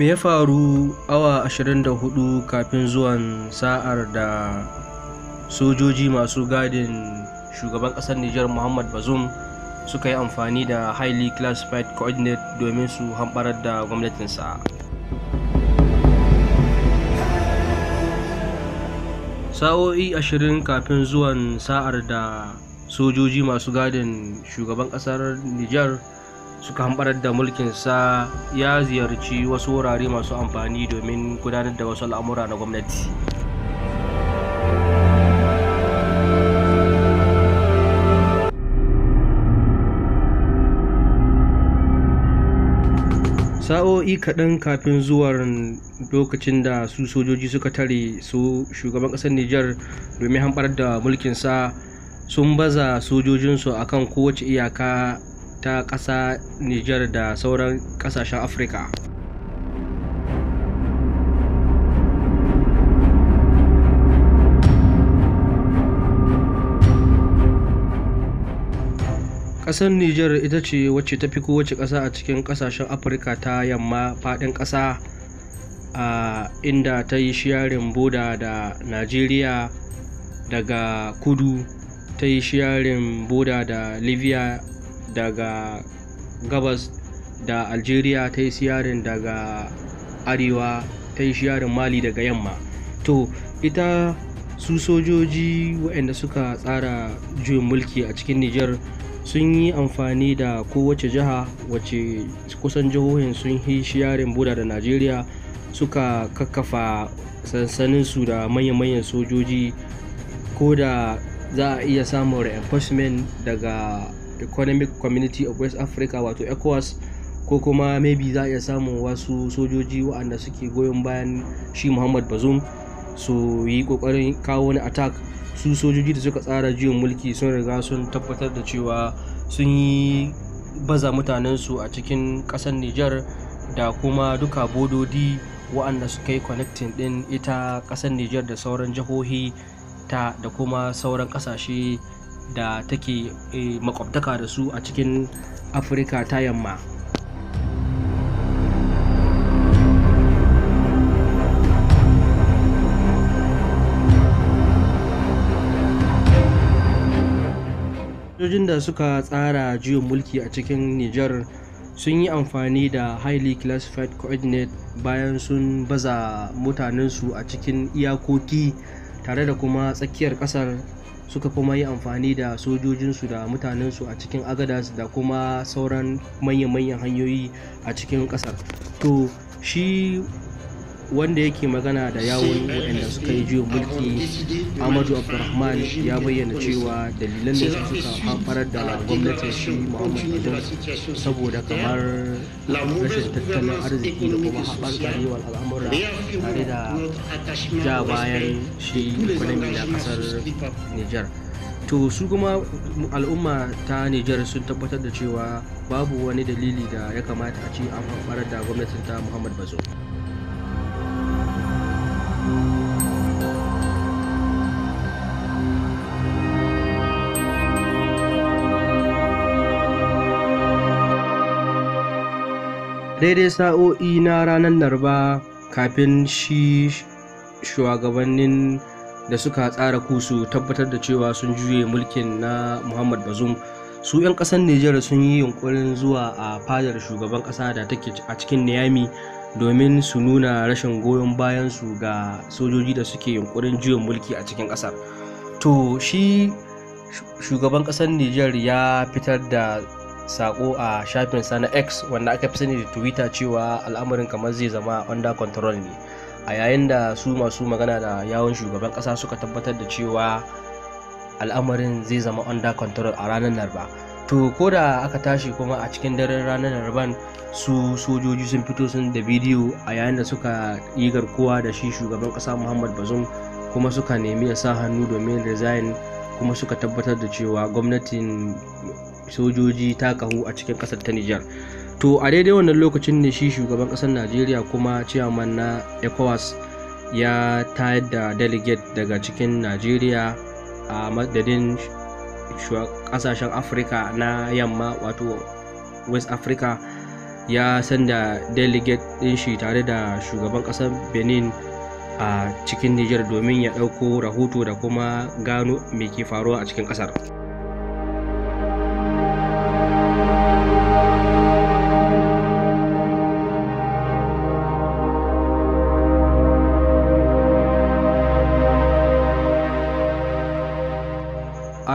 me ya faru awa 24 kafin zuwan sa'ar da sojoji masu gadin shugaban kasar niger muhammad bazoum suka yi amfani da highly classified coordinate domin su hamɓarar da gwamnatinsa sa'o'i 20 kafin zuwan sa'ar da sojoji masu gadin shugaban kasar niger suka hambarar da mulkinsa ya ziyarci wasu wurare masu amfani domin gudanar da wasu al'amura na gwamnati sa'o'i kaɗan kafin zuwar lokacin da su sojoji suka tare su shugaban ƙasar niger domin hamɓar da mulkinsa sun baza sojojinsu akan kowace iyaka ta ƙasa Nijar da sauran ƙasashen Afirka. ƙasar Nijar ita ce wacce ta fi kowace ƙasa a cikin ƙasashen Afirka ta yamma faɗin ƙasa a inda ta yi shiyarin boda da Najeriya daga kudu ta yi shiyarin boda da Libya daga gabas da algeria ta yi siyarin daga arewa ta yi siyarin mali daga yamma to ita su sojoji waɗanda suka tsara juyin mulki a cikin niger sun yi amfani da kowace jiha wacce kusan jihohin sun yi shiyarin buda da najeriya suka kakkafa sansanin su da manya-manyan sojoji ko da za a iya samun reinforcement daga economic community of west africa wato ecowas ko kuma maybe za a iya samun wasu sojoji waɗanda suke goyon bayan shi muhammad bazoum su yi kokarin kawo wani attack su sojoji da suka tsara jiwon mulki sun riga sun tabbatar da cewa sun yi baza mutanensu a cikin ƙasar niger da kuma duka bododi waɗanda suka yi connecting din ita ƙasar niger da sauran jihohi ta da kuma sauran ƙasashe da take eh, makwabtaka da su a cikin afirka ta yamma sojojin da suka tsara juyin mulki a cikin niger sun yi amfani da highly classified coordinate bayan sun baza mutanensu a cikin iyakoki tare da kuma tsakiyar kasar suka kuma yi amfani da sojojinsu da mutanensu a cikin agadas da kuma sauran manya-manyan hanyoyi a cikin kasar to shi wanda yake magana da yawon waɗanda suka yi juyin mulki amadu abdulrahman ya bayyana cewa dalilan da suka hamfarar da gwamnatin shi muhammad idan saboda kamar rashin tattalin arziki da kuma karewar al'amura tare da ja bayan shi kwanami da ƙasar niger to su kuma al'umma ta niger sun tabbatar da cewa babu wani dalili da ya kamata a ce an farar da gwamnatin ta Muhammad Bazoum. daidai sa'o'i na ranar narba kafin shi shugabannin da suka tsara kusu tabbatar da cewa sun juye mulkin na muhammad bazum su 'yan kasar nijar sun yi yunkurin zuwa a fadar shugaban kasa da take a cikin niyami domin su nuna rashin goyon bayansu ga sojoji da suke yunkurin juya mulki a cikin kasar to shi shugaban kasar nijar ya fitar da sako a shafin na x wanda aka fi sani da twitter cewa al'amarin kamar zai zama under control ne a yayin da su masu magana da yawon shugaban kasa suka tabbatar da cewa al'amarin zai zama under control a ranar narba to ko da aka tashi kuma a cikin daren ranar laraban su sojoji sun fito sun da bidiyo a yayin da suka yi garkuwa da shi shugaban kasa muhammad bazum kuma suka nemi ya sa hannu domin resign kuma suka tabbatar da cewa gwamnatin sojoji ta kahu a cikin ƙasar ta Nijar. To a daidai wannan lokacin ne shi shugaban kasar Najeriya kuma ciyaman na ECOWAS ya tayar da delegate daga cikin Najeriya a madadin kasashen Afirka na yamma wato West Africa ya sanda delegate din shi tare da shugaban kasar Benin a cikin Nijar domin ya ɗauko rahoto da kuma gano me ke faruwa a cikin ƙasar.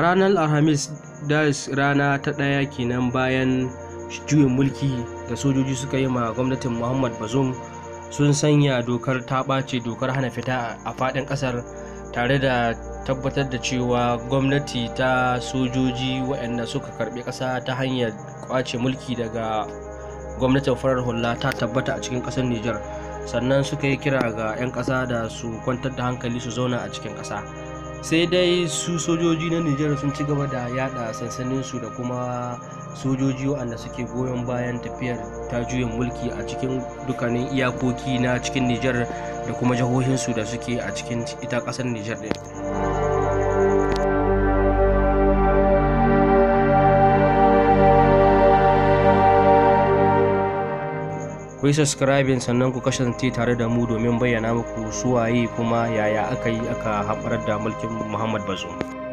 ranar alhamis das rana ta ɗaya kenan bayan juyin mulki da sojoji suka yi ma gwamnatin muhammad bazoum sun sanya dokar ta ɓace dokar hana fita a faɗin ƙasar tare da tabbatar da cewa gwamnati ta sojoji waɗanda suka karɓi ƙasa ta hanyar ƙwace mulki daga gwamnatin farar hula ta tabbata a cikin ƙasar niger sannan suka yi kira ga 'yan ƙasa da su kwantar da hankali su zauna a cikin ƙasa. sai dai su sojoji na nijar sun ci gaba da yada su da kuma sojoji waɗanda suke goyon bayan tafiyar ta juyin mulki a cikin dukkanin iyakoki na cikin nijar da kuma jihohinsu da suke a cikin ita kasar nijar ɗin ku yi subscribing sannan ku kasance tare da mu domin bayyana muku suwaye kuma yaya aka yi aka haɓar da mulkin muhammad bazoum